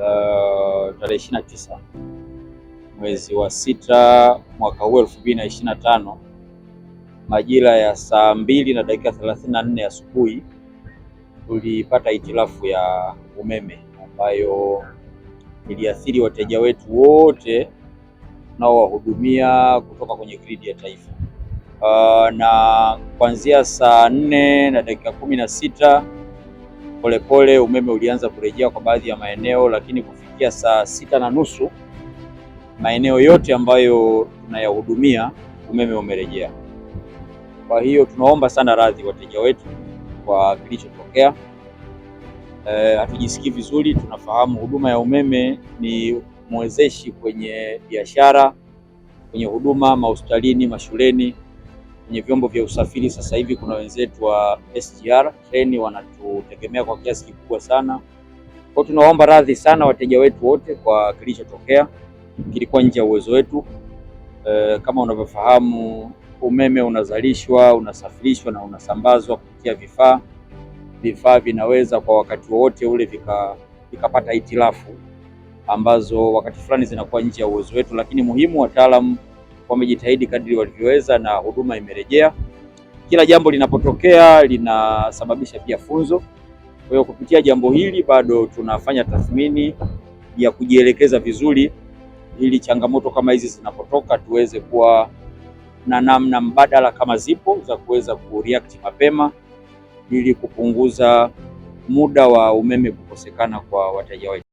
Uh, tarehe ishirini na tisa mwezi wa sita mwaka huu elfu mbili na ishirini na tano majira ya saa mbili na dakika thelathini na nne asubuhi tulipata hitilafu ya umeme ambayo iliathiri wateja wetu wote tunaowahudumia kutoka kwenye gridi ya taifa. Uh, na kuanzia saa nne na dakika kumi na sita Polepole umeme ulianza kurejea kwa baadhi ya maeneo, lakini kufikia saa sita na nusu maeneo yote ambayo tunayahudumia umeme umerejea. Kwa hiyo tunaomba sana radhi wateja wetu kwa kilichotokea. E, hatujisikii vizuri. Tunafahamu huduma ya umeme ni mwezeshi kwenye biashara, kwenye huduma mahospitalini, mashuleni kwenye vyombo vya usafiri. Sasa hivi kuna wenzetu wa SGR treni wanatutegemea kwa kiasi kikubwa sana, kwa tunawaomba radhi sana wateja wetu wote kwa kilichotokea, kilikuwa nje ya uwezo wetu. E, kama unavyofahamu umeme unazalishwa, unasafirishwa na unasambazwa kupitia vifaa. Vifaa vinaweza kwa wakati wowote ule vika vikapata hitilafu ambazo wakati fulani zinakuwa nje ya uwezo wetu, lakini muhimu wataalamu wamejitahidi kadri walivyoweza na huduma imerejea. Kila jambo linapotokea linasababisha pia funzo. Kwa hiyo kupitia jambo hili bado tunafanya tathmini ya kujielekeza vizuri, ili changamoto kama hizi zinapotoka tuweze kuwa na namna mbadala kama zipo za kuweza kureact mapema ili kupunguza muda wa umeme kukosekana kwa wateja wetu.